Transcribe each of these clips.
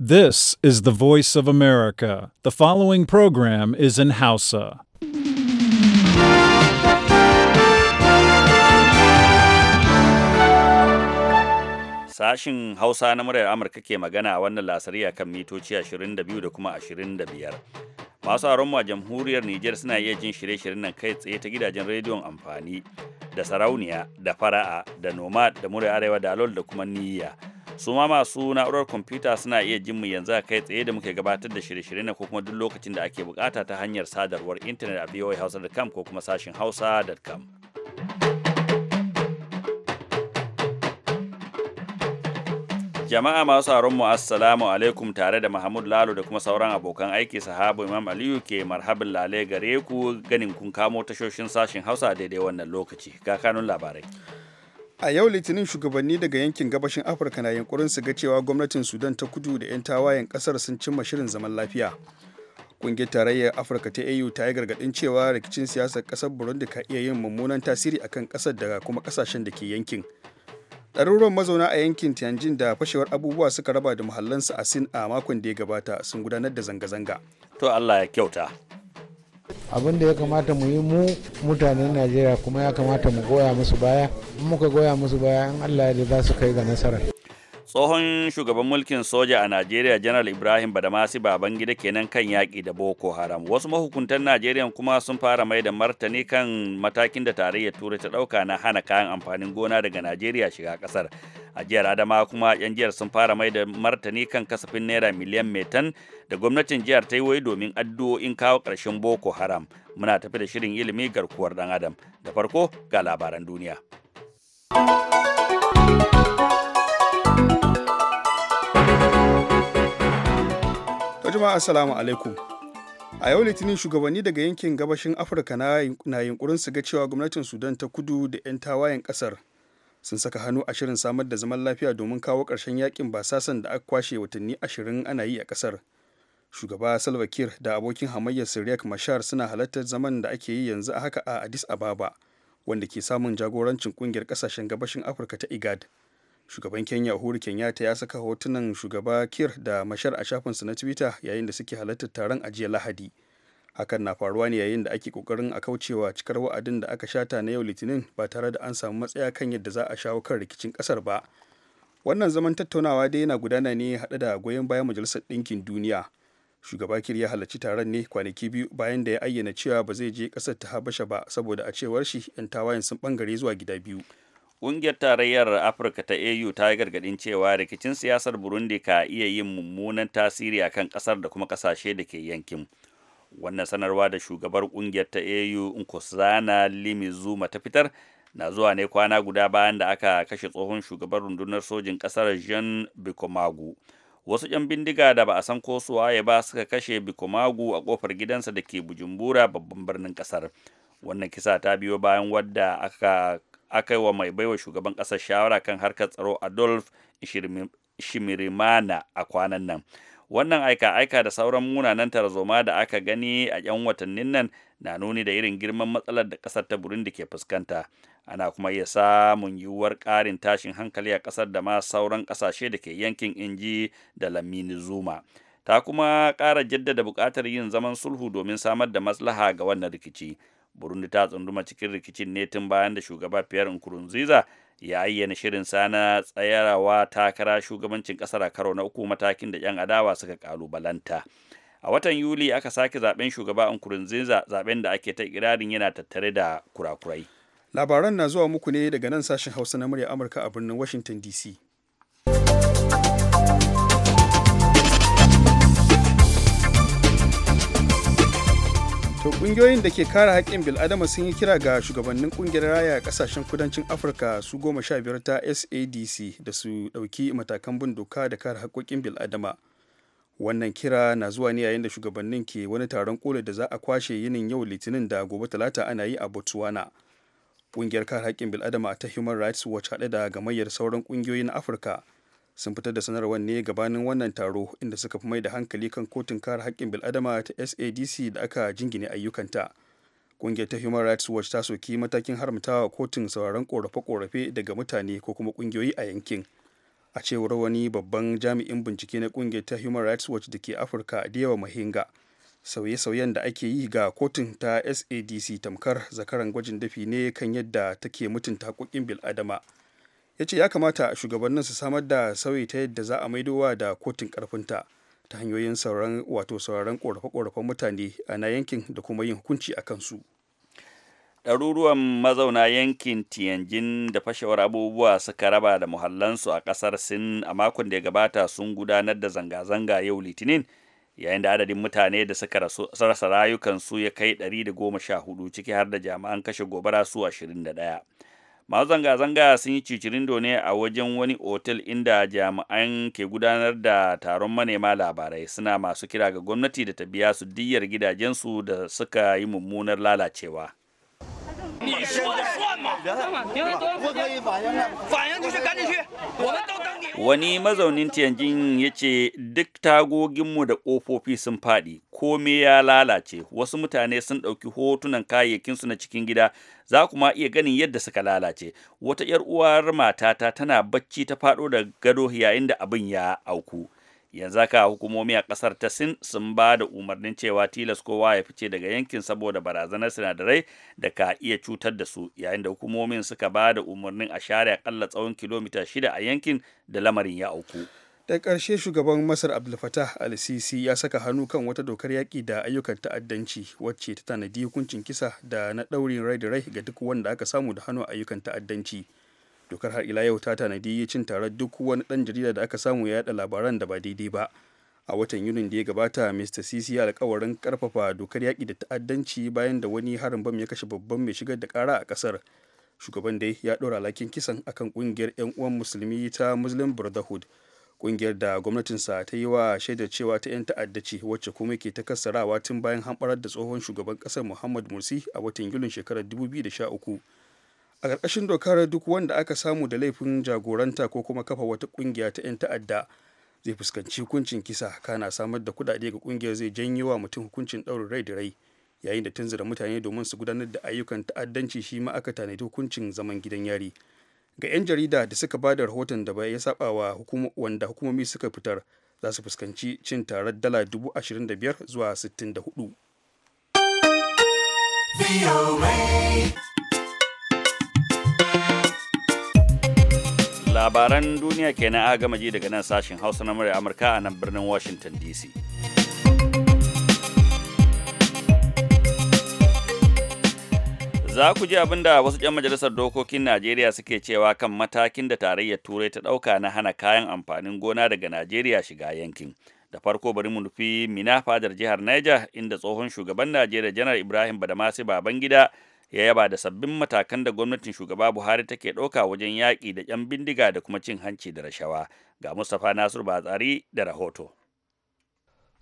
This is the voice of America. The following program is in Hausa. Sashin Hausa na muryar Amurka ke magana a wannan lasariya kan mitoci 22 da kuma 25. masu aron a jamhuriyar Nijar suna iya jin shirye-shiryen nan kai tsaye ta gidajen rediyon amfani da sarauniya da fara'a da nomad da murai arewa da alol da kuma niyya su ma masu na'urar kwamfuta suna iya jin mu yanzu a kai tsaye da muke gabatar da shirye-shiryen ko kuma duk lokacin da ake bukata ta hanyar sadarwar intanet a voahausa.com ko kuma sashin hausa.com Jama'a masu sauraron mu assalamu alaikum tare da Mahmud Lalo da kuma sauran abokan aiki sahabu Imam Aliyu ke marhabin lale gare ku ganin kun kamo tashoshin sashen Hausa daidai wannan lokaci ga kanun labarai. A yau Litinin shugabanni daga yankin gabashin Afirka na yunkurin su ga cewa gwamnatin Sudan ta kudu da 'yan tawayen kasar sun cimma shirin zaman lafiya. Kungiyar tarayyar Afirka ta AU ta yi gargadin cewa rikicin siyasar kasar Burundi ka iya yin mummunan tasiri akan kasar da kuma kasashen da ke yankin. ɗaruruwan mazauna a yankin tianjin da fashewar abubuwa suka raba da muhallansu a sin a makon da ya gabata sun gudanar da zanga-zanga to allah ya kyauta abin da ya kamata mu yi mu mutanen najeriya kuma ya kamata mu goya musu baya muka goya musu baya in allah ya za su kai ga nasarar tsohon shugaban mulkin soja a najeriya janar ibrahim badamasi babangida kenan kan yaƙi da boko haram wasu mahukuntan najeriya kuma sun fara mai da martani kan matakin da tarayyar turai ta ɗauka na hana kayan amfanin gona daga najeriya shiga kasar a jihar adama kuma yan jihar sun fara mai da martani kan kasafin naira miliyan metan da gwamnatin jihar ta yi wai domin addu'o'in kawo ƙarshen boko haram muna tafi da shirin ilimi garkuwar ɗan adam da farko ga labaran duniya. To jama'a assalamu alaikum. A yau litinin shugabanni daga yankin gabashin Afirka na yunkurin su ga cewa gwamnatin Sudan ta kudu da 'yan tawayen kasar sun saka hannu a shirin samar da zaman lafiya domin kawo ƙarshen yakin basasan da aka kwashe watanni ashirin ana yi a kasar. Shugaba Salva Kiir da abokin hamayyar Siriyak Mashar suna halartar zaman da ake yi yanzu a haka a Addis Ababa wanda ke samun jagorancin ƙungiyar ƙasashen gabashin Afirka ta IGAD. shugaban kenya uhuru kenyatta ya saka hotunan shugaba kir da mashar a shafinsa na twitter yayin da suke halartar taron a lahadi hakan na faruwa ne yayin da ake kokarin a kaucewa cikar wa'adin da aka shata na yau litinin ba tare da an samu matsaya kan yadda za a shawo kan rikicin kasar ba wannan zaman tattaunawa dai yana gudana ne haɗe da goyon bayan majalisar ɗinkin duniya shugaba kir ya halarci taron ne kwanaki biyu bayan da ya ayyana cewa ba zai je ƙasar ta habasha ba saboda a cewar shi 'yan tawayen sun bangare zuwa gida biyu Ƙungiyar Tarayyar Afirka ta AU ta yi gargaɗin cewa rikicin siyasar Burundi ka iya yin mummunan tasiri a kan ƙasar da kuma ƙasashe da ke yankin. Wannan sanarwa da shugabar ƙungiyar ta AU Nkosana Limizuma ta fitar na zuwa ne kwana guda bayan da aka kashe tsohon shugaban rundunar sojin ƙasar Jean Bikomagu. Wasu 'yan bindiga da ba a san ko ya ba suka kashe Bikomagu a ƙofar gidansa da ke Bujumbura babban birnin ƙasar. Wannan kisa ta biyo bayan wadda aka aka yi wa mai baiwa shugaban ƙasar shawara kan harkar tsaro adolf shimirimana a kwanan nan wannan aika-aika da sauran munanan tarzoma da aka gani a 'yan watannin nan na nuni da irin girman matsalar da ƙasar ta burundi ke fuskanta ana kuma iya samun yiwuwar ƙarin tashin hankali a ƙasar da ma sauran ƙasashe da ke yankin inji da lamini zuma ta kuma ƙara jaddada buƙatar yin zaman sulhu domin samar da maslaha ga wannan rikici burundi ta tsunduma cikin rikicin ne tun bayan da shugaba pierre nkurunziza ya ayyana shirin sana tsayarawa takara shugabancin kasar a karo na uku matakin da yan adawa suka kalubalanta a watan yuli aka sake zaben shugaba nkurunziza zaben da ake ta kirarin yana tattare da kurakurai labaran na zuwa muku ne daga nan sashen hausa na murya amurka a birnin washington dc to kungiyoyin da ke kare haƙƙin bil'adama sun yi kira ga shugabannin ƙungiyar raya kasashen kudancin afirka su goma sha biyar ta sadc da su ɗauki matakan bin doka da kare haƙƙoƙin bil'adama wannan kira na zuwa ne yayin da shugabannin ke wani taron kole da za a kwashe yinin yau litinin da gobe talata ana yi a botswana ƙungiyar kare haƙƙin bil'adama ta human rights watch haɗe da gamayyar sauran ƙungiyoyin afirka sun fitar da sanarwar ne gabanin wannan taro inda suka fi mai da hankali kan kotun kare haƙƙin bil'adama ta sadc da aka jingine ayyukanta ƙungiyar ta human rights watch ta soki matakin haramtawa kotun sauraron ƙorafe-ƙorafe daga mutane ko kuma ƙungiyoyi a yankin a cewar wani babban jami'in bincike na ƙungiyar ta human rights watch da ke afirka da yawa mahinga sauye-sauyen da ake yi ga kotun ta sadc tamkar zakaran gwajin dafi ne kan yadda take mutunta haƙoƙin bil'adama ya ce ya kamata shugabannin su samar da sauyi ta yadda za a maidowa da kotun karfinta ta hanyoyin sauran wato sauran korafe-korafen mutane a na yankin da kuma yin hukunci a kansu ɗaruruwan mazauna yankin tianjin da fashewar abubuwa suka raba da muhallansu a ƙasar sin a makon da ya gabata sun gudanar da zanga-zanga yau litinin yayin da adadin mutane da suka rasa rayukansu ya kai 114 ciki har da jami'an kashe gobara su 21 masu zanga-zanga sun yi cicirindo ne a wajen wani otel inda jami'an ke gudanar da taron manema labarai suna masu kira ga gwamnati da ta biya su diyyar gidajensu da suka yi mummunar lalacewa wani mazaunin tianjin ya ce duk tagoginmu da ƙofofi sun faɗi kome ya lalace wasu mutane sun ɗauki hotunan kayayyakinsu na cikin gida za kuma iya ganin yadda suka lalace wata 'yar uwar matata tana bacci ta faɗo da gado yayin da abin ya auku yanzu haka hukumomi a kasar ta sin sun ba da umarnin cewa tilas kowa ya fice daga yankin saboda barazanar sinadarai da ka iya cutar da su yayin da hukumomin suka ba da umarnin a share akalla tsawon kilomita shida a yankin da lamarin ya auku da ƙarshe shugaban masar abdulfatah al-sisi ya saka hannu kan wata dokar yaƙi da ayyukan ta'addanci wacce ta tanadi hukuncin kisa da na ɗaurin rai da rai ga duk wanda aka samu da hannu ayyukan ta'addanci dokar har ila yau ta tanadi cin taron duk wani dan jarida da aka samu ya yada labaran da ba daidai ba a watan yunin da ya gabata mr sisi alkawarin karfafa dokar yaƙi da ta'addanci bayan da wani harin bam ya kashe babban mai shigar da ƙara a ƙasar shugaban dai ya ɗora lakin kisan akan ƙungiyar 'yan uwan musulmi ta muslim brotherhood ƙungiyar da gwamnatinsa ta yi wa shaidar cewa ta 'yan ta'adda ce wacce kuma ke ta kassarawa tun bayan hamɓarar da tsohon shugaban ƙasar muhammad morsi a watan yulin shekarar 2013 a ƙarƙashin dokar duk wanda aka samu da laifin jagoranta ko kuma kafa wata ƙungiya ta 'yan ta'adda zai fuskanci hukuncin kisa kana samar da kuɗaɗe ga ƙungiyar zai janyo wa mutum hukuncin ɗaurin rai da rai yayin da tunzura mutane domin su gudanar da ayyukan ta'addanci shi ma aka tanadi hukuncin zaman gidan yari ga 'yan jarida da suka ba da rahoton da bai ya saba wa wanda hukumomi suka fitar za su fuskanci cin tarar dala biyar zuwa 64. labaran duniya kenan aka gama ji daga nan sashen hausa na murya amurka a nan birnin washington dc za ku ji abin da wasu 'yan majalisar dokokin najeriya suke cewa kan matakin da tarayyar turai ta ɗauka na hana kayan amfanin gona daga najeriya shiga yankin da farko bari mu nufi mina fadar jihar niger inda tsohon shugaban najeriya janar ibrahim badamasi babangida ya yaba da sabbin matakan da gwamnatin shugaba buhari take ɗauka wajen yaƙi da 'yan bindiga da kuma cin hanci da rashawa ga mustapha nasiru batsari da rahoto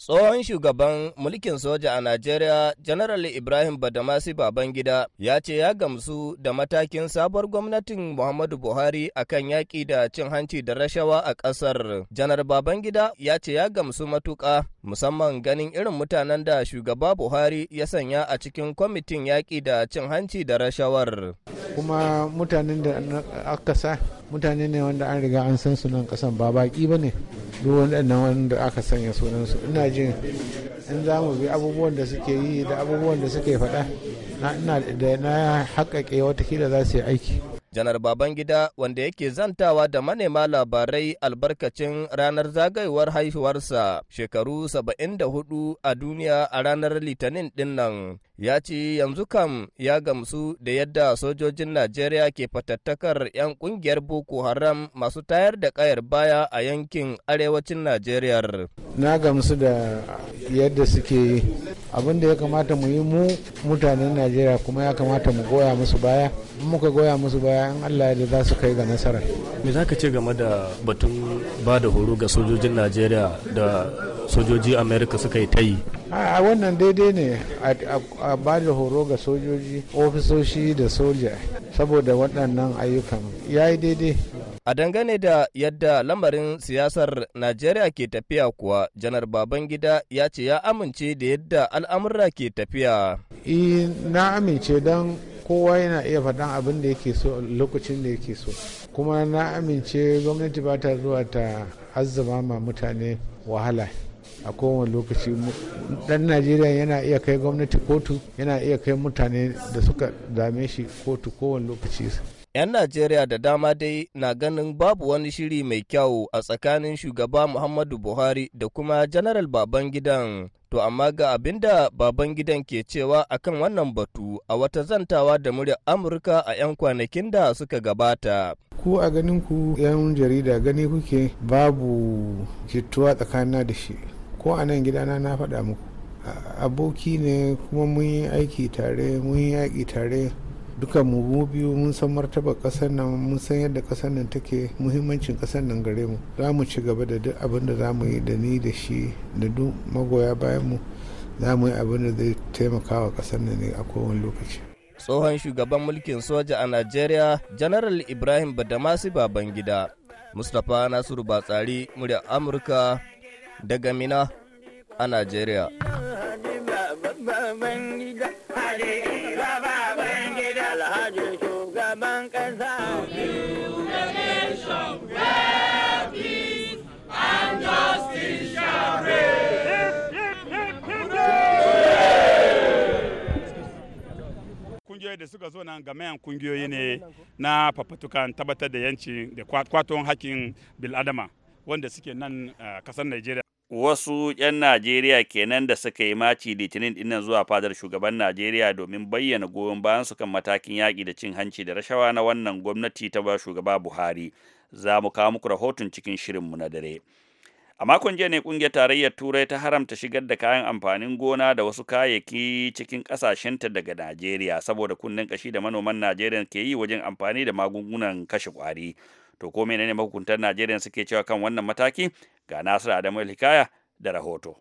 Tsohon shugaban mulkin soja a Najeriya, Janaral Ibrahim Badamasi Babangida ya ce ya gamsu da matakin sabuwar gwamnatin Muhammadu Buhari akan yaƙi da cin hanci da rashawa a ƙasar. Janar Babangida ya ce ya gamsu matuƙa, musamman ganin irin mutanen da shugaba Buhari ya sanya a cikin kwamitin yaƙi da cin hanci da rashawar. kuma mutanen da aka sa mutane ne wanda an riga an san sunan kasan ba baki ba ne duk waɗannan wanda aka sanya sunansu ina jin in za mu bi abubuwan da suke yi da abubuwan da suke faɗa da na haƙaƙe watakila za su yi aiki janar babangida wanda yake zantawa da manema labarai albarkacin ranar zagayowar haihuwarsa shekaru 74 a duniya a ranar litinin dinnan ya ce yanzu kam ya gamsu da yadda sojojin Najeriya ke fatattakar 'yan kungiyar Boko Haram masu tayar da kayar baya a yankin arewacin Najeriya. Na gamsu da yadda suke yi abin da ya kamata mu yi mu mutanen Najeriya kuma ya kamata mu goya musu baya in muka goya musu baya in Allah ya za su kai ga nasara. Me za ka ce game da batun ba da horo ga sojojin Najeriya da sojoji america suka yi ta yi a wannan daidai ne a ba da horo ga sojoji ofisoshi da soja saboda waɗannan ayyukan ya yi daidai a dangane da yadda lamarin siyasar najeriya ke tafiya kuwa janar babangida ya ce ya amince da yadda al'amurra ke tafiya na amince don kowa yana iya faɗan abin da yake so lokacin da yake so kuma na amince gwamnati ba ta zuwa ta azzama ma mutane wahala a kowane lokaci dan najeriya yana iya kai gwamnati kotu yana iya kai mutane da suka dame shi kotu kowane lokaci 'Yan Najeriya da dama dai na ganin babu wani shiri mai kyau a tsakanin shugaba Muhammadu Buhari da kuma Janaral Babangidan. To amma ga abin da Babangidan ke cewa akan wannan batu a wata zantawa da muryar Amurka a 'yan kwanakin da suka gabata. Ku a ganin ku 'yan jarida gani kuke babu jituwa tsakanina da shi. ko a nan gidana na faɗa muku aboki ne kuma mun yi aiki tare mun yi aiki tare duka mu biyu mun san martaba ƙasar nan mun san yadda ƙasar nan take muhimmancin ƙasar nan gare mu za mu ci gaba da duk abin da za mu yi da ni da shi da duk magoya bayan mu za mu yi abin da zai taimaka wa ƙasar nan ne a kowane lokaci tsohon shugaban mulkin soja a najeriya general ibrahim badamasi babangida mustapha nasiru batsari murya amurka daga Mina a Najeriya. kungiyoyi da suka zo nan gamayan kungiyoyi ne na fafatukan tabbatar da yanci da kwaton hakkin biladama wanda suke nan eh, kasar Najeriya. wasu 'yan Najeriya kenan da suka yi maci litinin dinnan zuwa fadar shugaban Najeriya domin bayyana goyon bayan su kan matakin yaƙi da cin hanci da rashawa na wannan gwamnati ta ba shugaba Buhari. Za mu kawo muku rahoton cikin shirinmu na dare. A makon jiya ne ƙungiyar tarayyar Turai ta haramta shigar da kayan amfanin gona da wasu kayayyaki cikin ƙasashenta daga Najeriya saboda kunnen kashi da manoman Najeriya ke yi wajen amfani da magungunan kashe ƙwari. to ko menene mahukuntan Najeriya suke cewa kan wannan mataki Ga Nasiru Adamu Hikaya da rahoto.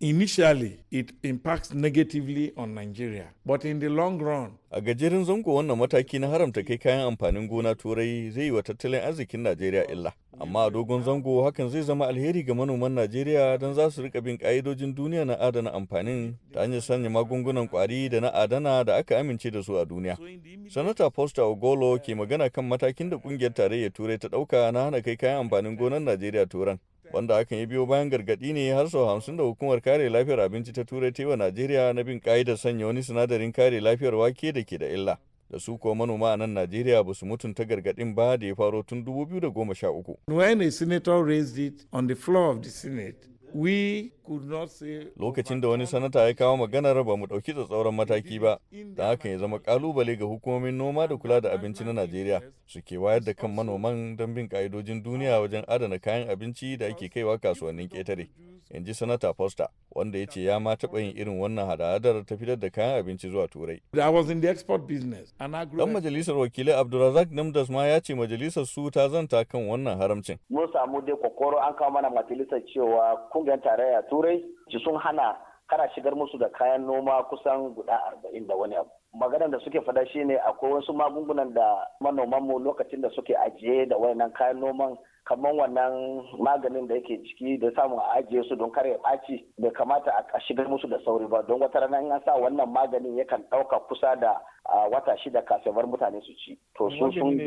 Initially, it impacts negatively on Nigeria, but in the long run, a gajerin zango wannan mataki na haramta kai kayan amfanin gona turai zai yi wa tattalin arzikin najeriya illa amma a dogon zango hakan zai zama alheri ga manoman najeriya don za su rika bin ka'idojin duniya na adana amfanin ta hanyar sanya magungunan kwari da na adana da aka amince da su a duniya sanata posta ogolo ke magana kan matakin da ƙungiyar tarayyar turai ta ɗauka na hana kai kayan amfanin gonar najeriya turan wanda hakan ya biyo bayan gargaɗi ne har sau hamsin da hukumar kare lafiyar abinci ta turai ta wa najeriya na bin ka'idar sanya wani sinadarin kare lafiyar wake da ke da illa da su kuwa manoma a nan najeriya ba su mutunta gargaɗin ba da ya faro tun 2013 when a senator raised it on the floor of the senate Lokacin da wani sanata ya kawo maganar ba mu ɗauki tsauran mataki ba, da hakan ya zama kalubale ga hukumomin noma da kula da abinci na Najeriya su ke wayar da kan manoman don bin ƙa'idojin duniya wajen adana kayan abinci da ake kaiwa kasuwannin ketare In ji Sanata Foster, wanda ya ce ya ma taɓa yin irin wannan hada-hadar ta fitar da kayan abinci zuwa Turai. Dan majalisar wakilai Abdulrazak Namdas ma ya ce majalisar su ta zanta kan wannan haramcin. Mun samu dai kokoro an kawo mana majalisar cewa kun kungiyar tarayya turai sun hana kana shigar musu da kayan noma kusan guda arba'in da wani abu maganar da suke fada ne akwai wasu magungunan da manomanmu lokacin da suke ajiye da wayannan kayan noman kamar wannan maganin da yake ciki da samun a ajiye su don kare ɓaci bai kamata a shigar musu da sauri ba don wata rana an sa wannan maganin yakan ɗauka kusa da wata shida kafin bar mutane su ci to sun sun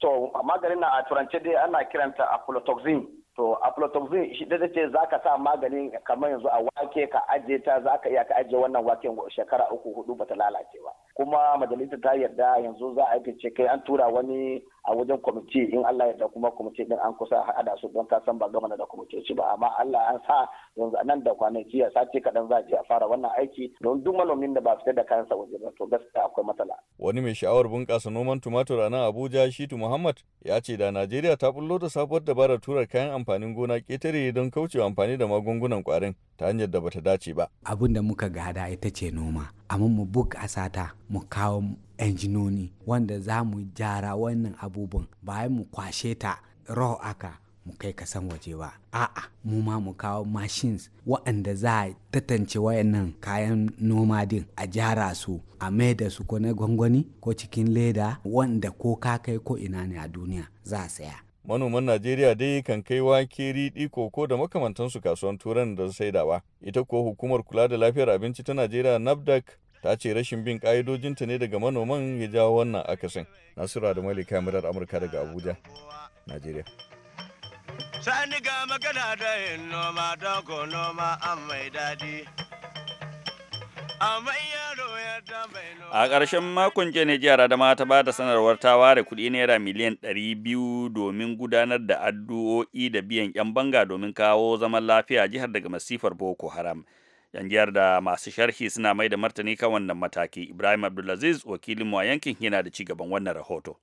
to maganin na a turance dai ana kiranta aflatoxin to aflatoxin shi da ce za ka sa maganin kamar yanzu a wake ka ajiye ta za ka iya ka ajiye wannan waken shekara uku hudu bata lalace ba kuma majalisar ta yarda yanzu za a fice kai an tura wani a wajen kwamiti in Allah yarda kuma kwamiti din an kusa hada su don ka san ba gama da kwamiti ba amma Allah an sa yanzu nan da kwanaki a sati kaɗan za a je a fara wannan aiki don duk malamin da ba fita da kayansa waje ba to gaskiya akwai matsala wani mai sha'awar bunƙasa noman tumatur a nan abuja shitu muhammad ya ce da najeriya ta bullo da sabuwar dabarar tura kayan amfanin gona ƙetare don kaucewa amfani da magungunan kwarin ta hanyar da bata dace ba abin da muka gada ita ce noma amma mu bunƙasa ta mu kawo injinoni wanda za mu jara wannan abubuwan bayan mu kwashe ta raw aka mu kai ka san waje ba a'a mu ma mu kawo machines waɗanda za a tantance wayannan kayan noma din a jara su a mai da su ko na gwangwani ko cikin leda wanda ko ka kai ko ina ne a duniya za a saya manoman najeriya dai kan kai wake riɗi koko da makamantansu kasuwan turan da saidawa ita ko hukumar kula da lafiyar abinci ta najeriya nafdak ta ce rashin bin ƙa'idojinta ne daga manoman ya jawo wannan akasin nasiru da malika murar amurka daga abuja najeriya sani ga magana da yin noma don ko noma an mai daɗi a ƙarshen makon jiya ne jihar adama ta ba da sanarwar ta ware kuɗi naira miliyan 200 domin gudanar da addu'o'i da biyan 'yan banga domin kawo zaman lafiya jihar daga masifar boko haram yan jihar da masu sharhi suna mai da martani kan wannan mataki ibrahim abdulaziz wakilin mu a yankin yana da ci gaban wannan rahoto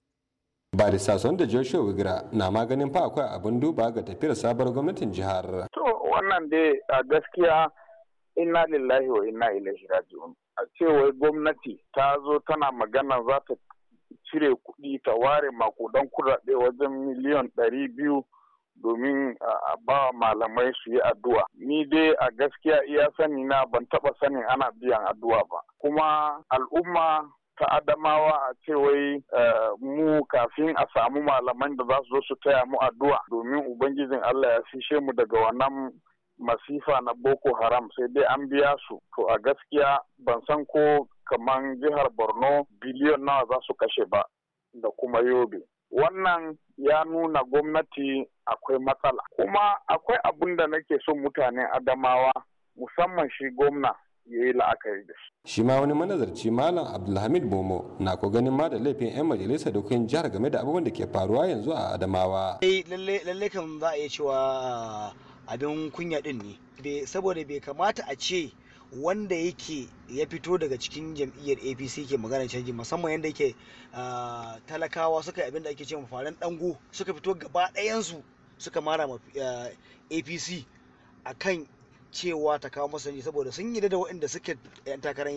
ba da joshua wigra na maganin fa akwai abin duba ga tafiyar sabuwar gwamnatin jihar to wannan dai a gaskiya ina lillahi wa inna ilaihi raji'un a cewa gwamnati ta zo tana magana za ta cire kuɗi ta ware makudan kuɗaɗe wajen miliyan ɗari biyu domin a ba malamai su yi addu'a ni dai a gaskiya iya sani na ban taɓa sanin ana biyan addu'a ba kuma al'umma ta adamawa a ce wai eh, mu kafin a samu malaman da za su zo su taya mu addu'a domin ubangijin Allah ya fishe mu daga wannan masifa na boko haram sai dai an biya su to a gaskiya ban san ko kaman jihar borno biliyon nawa za su kashe ba da kuma yobe wannan ya nuna gwamnati akwai matsala kuma akwai abin da nake son mutanen adamawa musamman shi gwamna ya yi la'akari da shi. Shi ma wani manazarci Malam Abdulhamid Bomo na ko ganin ma da laifin 'yan majalisa dokokin jihar game da abubuwan da ke faruwa yanzu a Adamawa. Eh, Lallai kan za a iya cewa ah, abin kunya din ne. Saboda bai kamata a ce wanda yake ya fito daga cikin jam'iyyar apc ke magana canji musamman yadda yake ah, talakawa suka abin da ake ce mafarin dango suka fito gaba ɗayansu suka mara ma apc ah, a kan cewa ta kawo masa ne saboda sun yi da waɗanda suke yan takara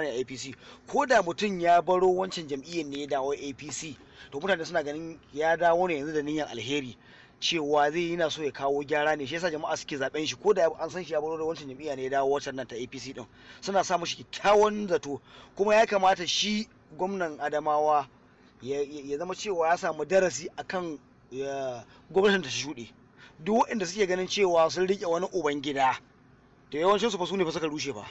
ne a apc ko da mutum ya baro wancan jam'iyyar ne ya dawo apc to mutane suna ganin ya dawo ne yanzu da niyyar alheri cewa zai yi so ya kawo gyara ne shi yasa jama'a suke zaben shi ko da an san shi ya baro da wancan jam'iyya ne ya dawo wancan nan ta apc din suna sa mashi kyakkyawan zato kuma ya kamata shi gwamnan adamawa ya zama cewa ya samu darasi akan gwamnatin ta shuɗe duk waɗanda suke ganin cewa sun riƙe wani uban gida da yawancin su fa su ne fa suka rushe ba.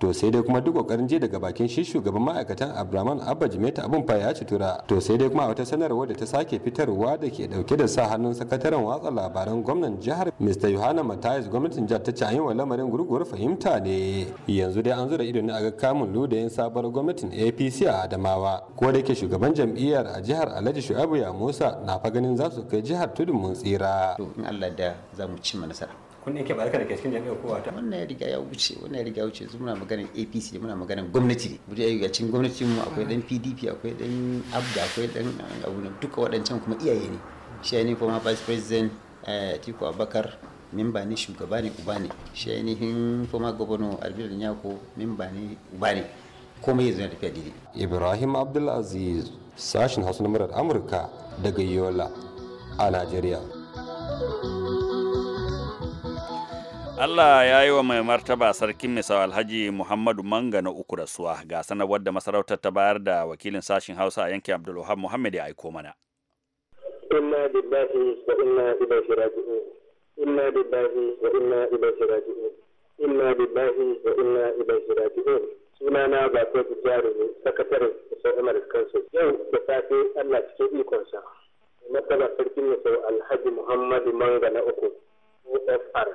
to sai dai kuma duk kokarin je daga bakin shi shugaban ma'aikatan abraman abba jimeta abun fa ya ci tura to sai dai kuma wata sanarwa da ta sake fitarwa da ke dauke da sa hannun sakataren watsa labaran gwamnan jihar mr yohana matthias gwamnatin jihar ta ce an yi wa lamarin gurguwar fahimta ne yanzu dai an zura ido ne a ga kamun ludayin sabuwar gwamnatin apc a adamawa ko da ke shugaban jam'iyyar a jihar alhaji shu'abu ya musa na fa ganin za su kai jihar tudun mun tsira to in allah da za mu ci nasara kun ne ke ba da ke cikin jami'ar kowa ta wannan ya riga ya wuce wannan ya riga ya wuce muna maganar APC muna maganar gwamnati ne mu ya cikin gwamnati mu akwai dan PDP akwai dan Abda akwai dan abu duka waɗancan kuma iyaye ne shi ne kuma vice president eh, Atiku Abakar memba ne shugaba ne uba ne shi ainihin former governor Albert Nyako memba ne uba ne komai yanzu zama tafiya daidai Ibrahim Abdulaziz sashin Hausa na Amurka daga Yola a Najeriya. Allah ya yi wa mai martaba sarkin misawa alhaji Muhammadu Manga na uku rasuwa ga sanar wadda masarautar ta bayar da wakilin sashen Hausa a yankin Abdullahi Muhammad ya aiko mana. Inna billahi wa inna ilaihi raji'un. Inna billahi wa inna ilaihi raji'un. Inna billahi wa inna ilaihi raji'un. Sunana ba ta jaro ne sakataren Musa Umar Kansu. Yau da safe Allah cikin ikonsa. Martaba sarkin misau alhaji Muhammadu Manga na uku. OFR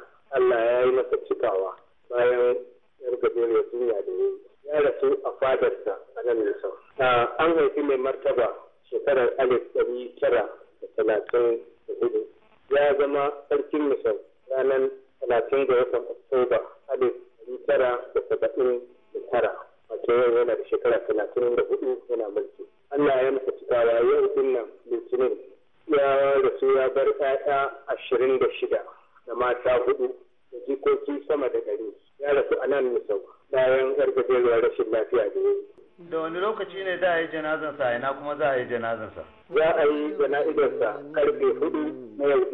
Allah ya yi masa cikawa bayan yar gajeriyar duniya da ya ya rasu a fadarsa a nan Nisan. An haifi mai martaba shekarar alif ɗari tara da talatin da hudu. Ya zama sarkin Nisan ranar talatin da watan Oktoba alif ɗari tara da saba'in da tara. Wato yau yana da shekara talatin da hudu yana mulki. Allah ya masa cikawa yau ɗin nan Litinin. Ya rasu ya bar 'ya'ya ashirin da shida da mata hudu da jikoki sama da ɗari ya rasu a nan misau bayan ƙarfafewar rashin lafiya da yi. Da wani lokaci ne za a yi janazansa a ina kuma za a yi janazansa? Za a yi jana'izarsa karfe hudu na yau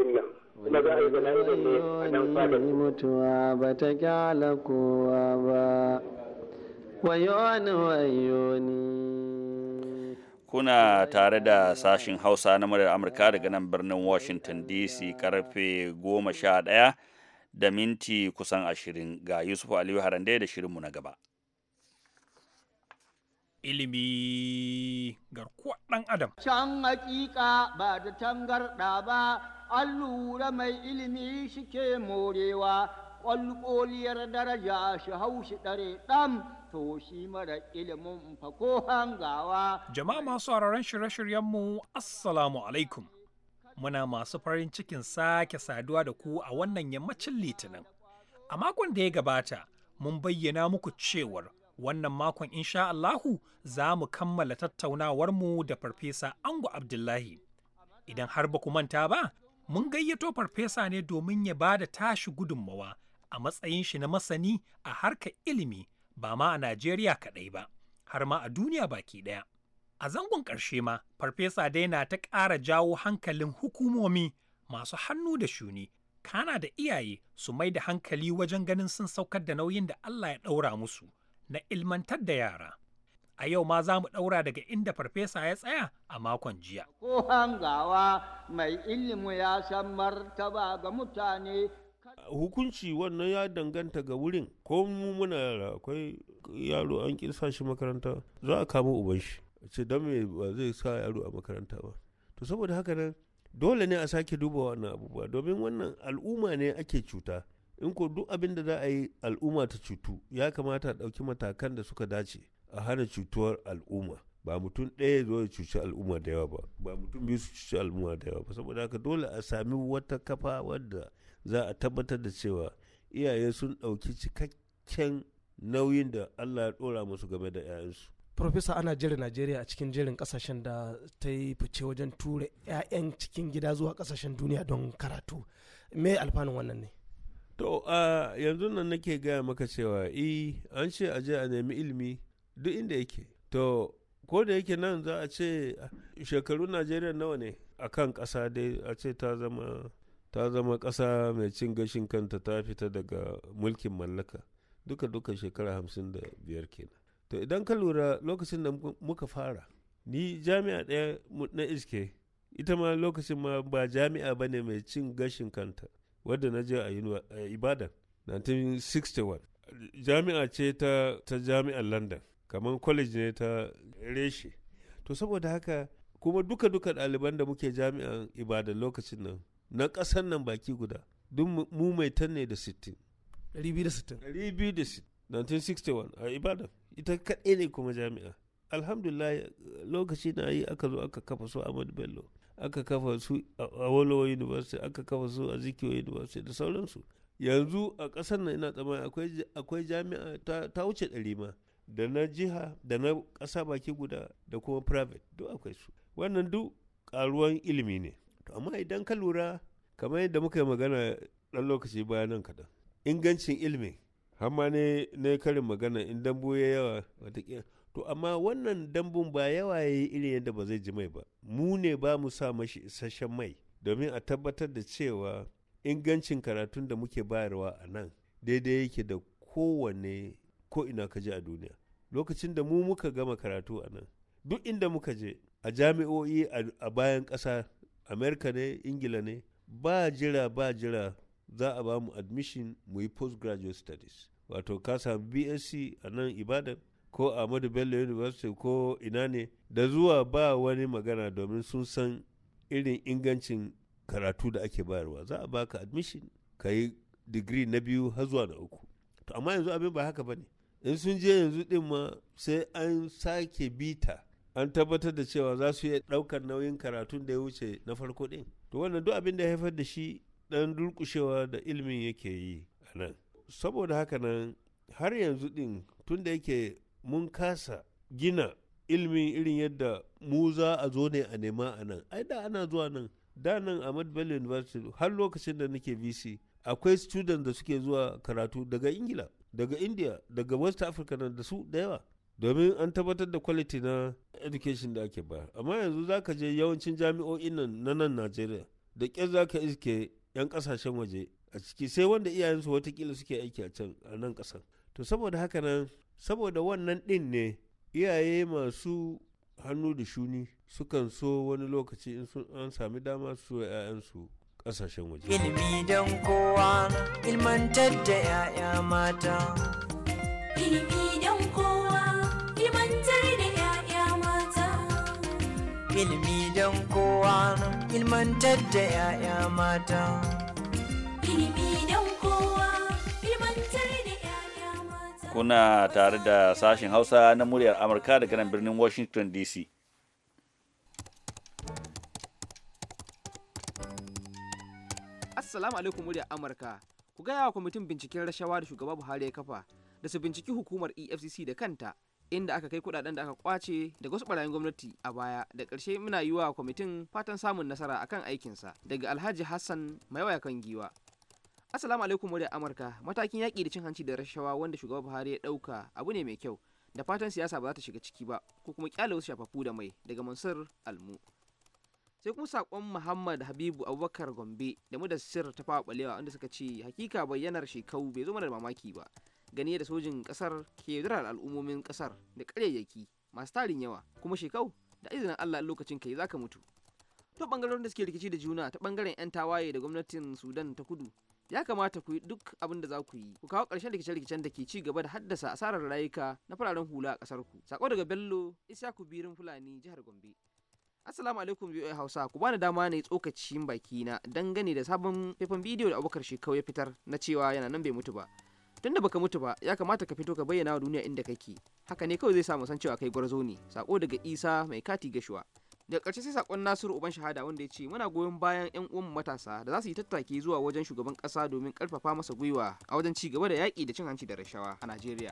nan. kuna tare da sashin hausa na muryar amurka daga nan birnin washington dc karfe goma sha ɗaya. da minti kusan ashirin ga Yusuf Aliyu Harande da shirinmu na gaba. Ilimi garkuwa ɗan Adam. Can hakika ba da tangarɗa ba, an lura mai ilimi shi ke morewa, ƙwalƙoliyar daraja shi haushi ɗare ɗan to shi mara ilimin fa ko hangawa. Jama'a masu shirye-shiryenmu, Assalamu alaikum. muna masu farin cikin sake saduwa da ku a wannan yammacin litinin. A makon da ya gabata, mun bayyana muku cewar wannan makon insha Allahu za mu kammala tattaunawarmu da Farfesa Angu Abdullahi. Idan har ba ku manta ba, mun gayyato Farfesa ne domin ya ba da tashi gudunmawa a matsayin shi na masani a harkar ilimi ba ma a Najeriya kaɗai ba, har ma a duniya baki ɗaya. A zangon ƙarshe ma, Farfesa dai na ta ƙara jawo hankalin hukumomi masu hannu da shuni, kana da iyaye su mai da hankali wajen ganin sun saukar da nauyin da Allah ya ɗaura musu na ilmantar da yara. A yau ma za mu ɗaura daga inda Farfesa ya tsaya a makon jiya. Ko hangawa mai ilimi ya san martaba ga mutane hukunci wannan ya danganta ga wurin ko mu muna yara akwai yaro an kisa shi makaranta za a kama uban shi ce don me ba zai sa yaro a makaranta ba to saboda haka nan dole ne a sake duba wannan abubuwa domin wannan al'umma ne ake cuta in ko duk abin da za a yi al'umma ta cutu ya kamata a ɗauki matakan da suka dace a hana cutuwar al'umma ba mutum ɗaya zo ya cuci al'umma da yawa ba ba mutum biyu su cuci al'umma da yawa ba saboda haka dole a sami wata kafa wadda za a tabbatar da cewa iyaye sun ɗauki cikakken nauyin da allah ya ɗora musu game da 'ya'yansu Profesa ana jere Najeriya a cikin jerin kasashen da ta yi fice wajen tura 'ya'yan cikin gida zuwa kasashen duniya don karatu. Me alfanun wannan ne? To, yanzu nan nake gaya maka cewa i an ce a je a nemi ilimi duk inda yake. To, ko da yake nan za a ce shekaru Najeriya nawa ne a kan ƙasa dai a ce ta zama ta zama ƙasa mai cin gashin kanta ta fita daga mulkin mallaka duka duka shekara hamsin da biyar kenan. to idan ka lura lokacin da muka fara ni jami'a ɗaya na iske ita ma lokacin ma ba jami'a ba ne mai cin gashin kanta wadda na je a ibada. 1961 jami'a ce ta, ta jami'ar london kamar college ne ta reshe to saboda haka kuma duka-duka ɗaliban da muke jami'an ibadan lokacin nan na ƙasar nan baki guda duk mu mai ne da 60 260 1961 a ibadan ita kaɗai ne kuma jami'a alhamdulillah lokaci na yi aka zo aka kafa su ahmad bello aka kafa su a walowa university aka kafa su a zikiwa university da sauransu yanzu a ƙasar nan ina tsammani akwai jami'a ta wuce ɗari ma da na jiha da na ƙasa baki guda da kuma private duk akwai su wannan duk ƙaruwan ilimi ne to amma idan ka lura kamar yadda muka yi magana ɗan lokaci bayanan kaɗan ingancin ilimin ma ne ne karin magana in dambu ya yawa to amma wannan dambun ba yawa ya yi irin yadda ba zai ji mai ba mu ne ba mu sa mashi isasshen mai domin a tabbatar da cewa ingancin karatun da muke bayarwa a nan daidai yake da kowane ko'ina ka je a duniya lokacin da mu muka gama karatu a nan duk inda muka je a jami'o'i a bayan ƙasa amerika ne ingila ne ba jira ba jira za a ba mu admission mu yi postgraduate studies wato ka samu bsc a nan ibadan ko ahmadu bello university ko ina ne da zuwa ba wani magana domin sun san irin ingancin karatu da ake bayarwa za a baka admission ka yi digiri na biyu har zuwa na uku to amma yanzu abin ba haka bane in sun je yanzu din ma sai an sake bita an tabbatar da cewa za su iya ɗaukar nauyin karatun da ya wuce na farko din to wannan duk abin da ya haifar da shi dan durƙushewa da ilimin yake yi a nan saboda haka nan har yanzu ɗin tunda da yake mun kasa gina ilmin irin yadda mu za a zo ne a nema a nan ai da ana zuwa nan da nan ahmad bello university har lokacin da nake vc akwai student da suke zuwa karatu daga ingila daga india daga west africa nan da su da yawa domin an tabbatar da quality na education da ake ba amma yanzu za ka je yawancin jami'o'in nan na nan najeriya da ƙyar za ka iske 'yan kasashen waje a ciki sai wanda iyayensu watakila suke aiki a can a nan kasan to saboda haka nan saboda wannan din ne iyaye masu hannu da shuni sukan so wani lokaci in sun an sami dama su 'ya'yansu kasashen waje ilimi don kowa ilmantar da 'ya'ya mata ilimi ilmantar da 'ya'ya mata kuna tare da sashen hausa na muryar amurka daga nan birnin washington dc assalamu alaikum muryar amurka ku gaya wa kwamitin binciken rashawa da shugaba buhari ya kafa da su binciki hukumar efcc da kanta inda aka kai kudaden da aka kwace daga wasu barayin gwamnati a baya da karshe muna yi wa kwamitin fatan samun nasara akan aikinsa daga alhaji hassan mai kan giwa assalamu alaikum da amurka matakin yaƙi da cin hanci da rashawa wanda shugaba buhari ya ɗauka abu ne mai kyau da fatan siyasa ba za ta shiga ciki ba ko kuma kyale wasu shafafu da mai daga mansur almu sai kuma sakon muhammad habibu abubakar gombe da mu da sir ta fawa balewa wanda suka ce hakika bayyanar shekau bai zo mana da mamaki ba gani da sojin kasar ke yaudarar al'ummomin kasar da ƙaryayyaki masu tarin yawa kuma shekau da izinin Allah lokacin kai zaka mutu to bangarorin da suke rikici da juna ta bangaren yan tawaye da gwamnatin Sudan ta kudu ya kamata ku yi duk abin da za ku yi ku kawo ƙarshen rikice-rikicen da ke ci gaba da haddasa asarar rayuka na fararen hula a ƙasar ku sako daga Bello ishaku Birin Fulani jihar Gombe Assalamu alaikum VOA Hausa ku bani dama ne tsokacin baki na dangane da sabon faifan bidiyo da Abubakar Shekau ya fitar na cewa yana nan bai mutu ba tun da baka mutu ba ya kamata ka fito ka bayyana wa duniya inda kake haka ne kawai zai samu san cewa kai gwarzo ne sako daga isa mai kati gashuwa da karshe sai sakon nasiru uban shahada wanda ya ce muna goyon bayan yan uwan matasa da za su yi tattaki zuwa wajen shugaban kasa domin karfafa masa gwiwa a wajen ci gaba da yaƙi da cin hanci da rashawa a najeriya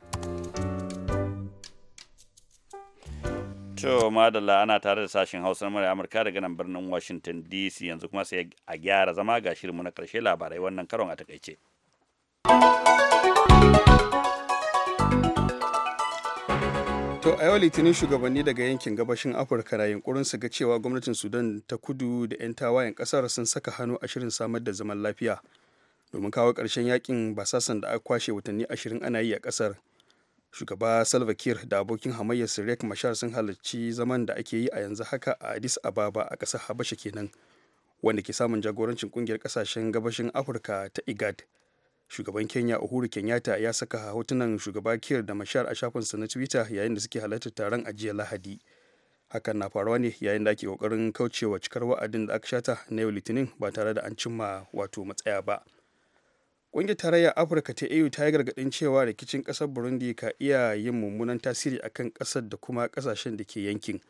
To madalla ana tare da sashen Hausa na murya Amurka daga nan birnin Washington DC yanzu kuma sai a gyara zama ga shirinmu na karshe labarai wannan karon a takaice. To a yau litinin shugabanni daga yankin gabashin Afirka na yunkurin su ga cewa gwamnatin Sudan ta kudu da 'yan tawayen kasar sun saka hannu a shirin samar da zaman lafiya domin kawo karshen yakin basasan da aka kwashe watanni ashirin ana yi a kasar. Shugaba Salva Kiir da abokin hamayya sirek Mashar sun halarci zaman da ake yi a yanzu haka a Addis Ababa a ƙasar Habasha kenan wanda ke samun jagorancin kungiyar ƙasashen gabashin Afirka ta IGAD. shugaban kenya uhuru kenyatta ya saka hotunan shugaba kiyar da mashar a shafinsa na twitter yayin da suke halartar taron a lahadi hakan na faruwa ne yayin da ake kokarin kaucewa cikar wa'adin da aka shata na yau litinin ba tare da an cimma wato matsaya ba ƙungiyar tarayyar afirka ta au ta yi gargaɗin cewa rikicin ƙasar burundi ka iya yin mummunan tasiri akan ƙasar da kuma ƙasashen da ke yankin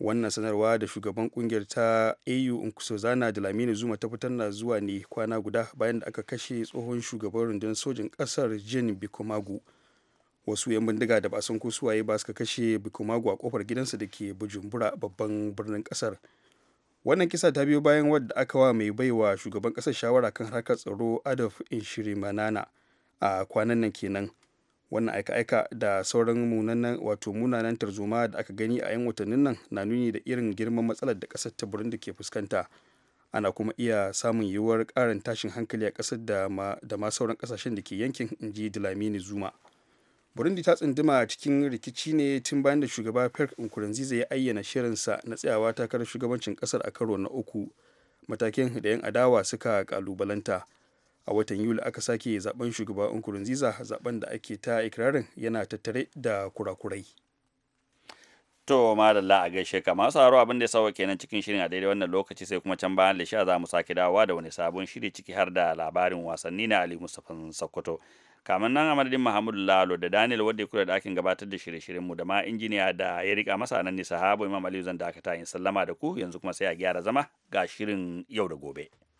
wannan sanarwa da shugaban kungiyar ta au nkusozana da lamini zuma ta fitar na zuwa ne kwana guda bayan da aka kashe tsohon shugaban rundunar sojin kasar jin bikomagu wasu 'yan bindiga da ba san ko suwaye ba suka kashe bikomagu a kofar gidansa da ke bujumbura babban birnin kasar wannan kisa ta biyo bayan wadda aka wa mai baiwa shugaban kasar shawara kan harkar tsaro adolf manana a kwanan nan kenan wannan aika-aika da sauran munanan wato munanan tarzoma da aka gani a 'yan watannin nan na nuni da irin girman matsalar da kasar ta burundi ke fuskanta ana kuma iya samun yiwuwar ƙarin tashin hankali a kasar da ma sauran kasashen da ke yankin inji dilamini zuma burundi ta tsunduma cikin rikici ne tun bayan da shugaba pierre nkurunziza ya ayyana shirinsa na tsayawa takarar shugabancin kasar a karo na uku matakin da 'yan adawa suka kalubalanta. a watan yuli aka sake zaben shugaba nkurunziza zaben da ake ta ikirarin yana tattare da kurakurai to madalla a gaishe ka masu haro abin da ya sawa kenan cikin shirin a daidai wannan lokaci sai kuma can bayan lisha za mu sake dawowa da wani sabon shiri ciki har da labarin wasanni na ali mustapha sokoto kamar nan a madadin Muhammadu Lalo da Daniel wadda ya kula da aikin gabatar da shirye mu da ma injiniya da ya rika masa nan nisa sahabo Imam Aliyu zan dakata in sallama da ku yanzu kuma sai a gyara zama ga shirin yau da gobe.